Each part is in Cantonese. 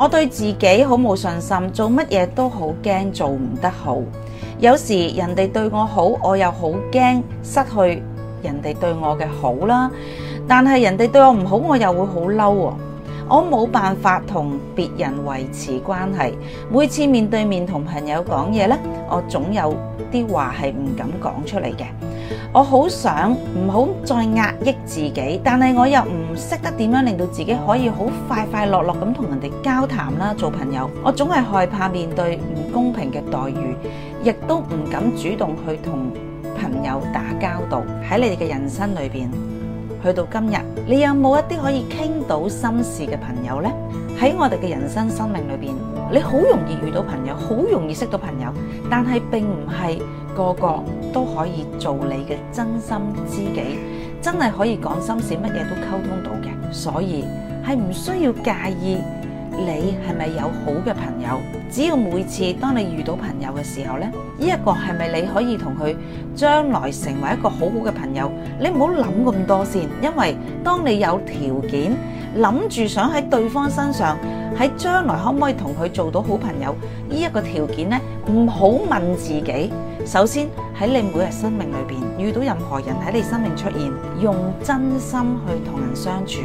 我對自己好冇信心，做乜嘢都好驚做唔得好。有時人哋對我好，我又好驚失去人哋對我嘅好啦。但係人哋對我唔好，我又會好嬲。我冇辦法同別人維持關係。每次面對面同朋友講嘢咧，我總有啲話係唔敢講出嚟嘅。我好想唔好再壓抑自己，但係我又唔識得點樣令到自己可以好快快樂樂咁同人哋交談啦，做朋友。我總係害怕面對唔公平嘅待遇，亦都唔敢主動去同朋友打交道。喺你哋嘅人生裏邊，去到今日，你有冇一啲可以傾到心事嘅朋友呢？喺我哋嘅人生生命裏邊，你好容易遇到朋友，好容易識到朋友，但係並唔係個個都可以做你嘅真心知己，真係可以講心事，乜嘢都溝通到嘅，所以係唔需要介意。你係咪有好嘅朋友？只要每次當你遇到朋友嘅時候呢，呢一個係咪你可以同佢將來成為一個好好嘅朋友？你唔好諗咁多先，因為當你有條件諗住想喺對方身上喺將來可唔可以同佢做到好朋友？呢一個條件呢，唔好問自己。首先喺你每日生命裏邊遇到任何人喺你生命出現，用真心去同人相處。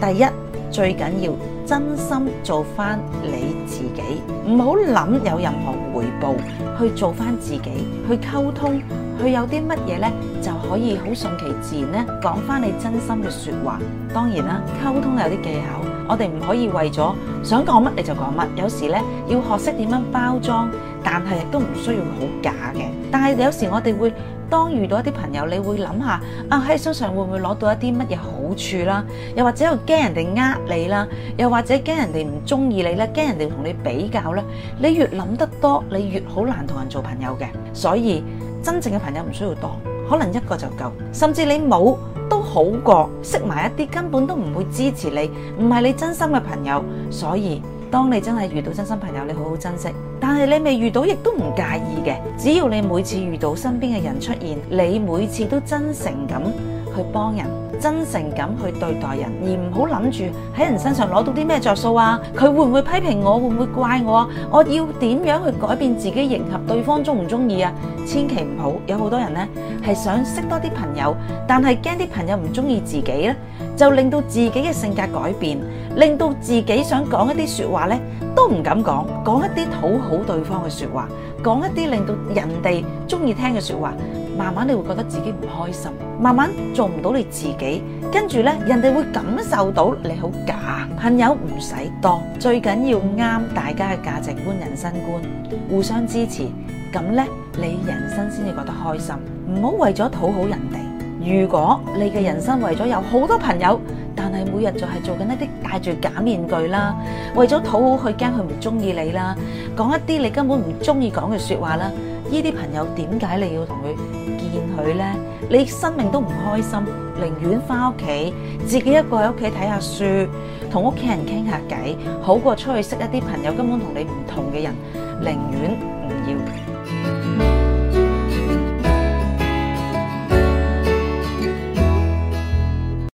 第一。最緊要真心做翻你自己，唔好諗有任何回報去做翻自己，去溝通，去有啲乜嘢呢？就可以好順其自然咧講翻你真心嘅說話。當然啦，溝通有啲技巧，我哋唔可以為咗想講乜你就講乜，有時呢，要學識點樣包裝，但係都唔需要好假嘅。但係有時我哋會。當遇到一啲朋友，你會諗下啊喺身上會唔會攞到一啲乜嘢好處啦？又或者又驚人哋呃你啦，又或者驚人哋唔中意你咧，驚人哋同你比較咧。你越諗得多，你越好難同人做朋友嘅。所以真正嘅朋友唔需要多，可能一個就夠，甚至你冇都好過識埋一啲根本都唔會支持你，唔係你真心嘅朋友，所以。當你真係遇到真心朋友，你好好珍惜；但係你未遇到，亦都唔介意嘅。只要你每次遇到身邊嘅人出現，你每次都真誠咁。去幫人，真誠咁去對待人，而唔好諗住喺人身上攞到啲咩着數啊！佢會唔會批評我？會唔會怪我？我要點樣去改變自己，迎合對方中唔中意啊？千祈唔好有好多人呢，係想識多啲朋友，但係驚啲朋友唔中意自己呢，就令到自己嘅性格改變，令到自己想講一啲說話呢，都唔敢講，講一啲討好對方嘅說話，講一啲令到人哋中意聽嘅說話，慢慢你會覺得自己唔開心。慢慢做唔到你自己，跟住咧，人哋會感受到你好假。朋友唔使多，最緊要啱大家嘅價值觀、人生觀，互相支持。咁咧，你人生先至覺得開心。唔好為咗討好人哋。如果你嘅人生為咗有好多朋友，但係每日就係做緊一啲戴住假面具啦，為咗討好佢，佢驚佢唔中意你啦，講一啲你根本唔中意講嘅說話啦。呢啲朋友點解你要同佢見佢咧？你生命都唔開心，寧願翻屋企自己一個喺屋企睇下書，同屋企人傾下偈，好過出去識一啲朋友根本同你唔同嘅人，寧願唔要。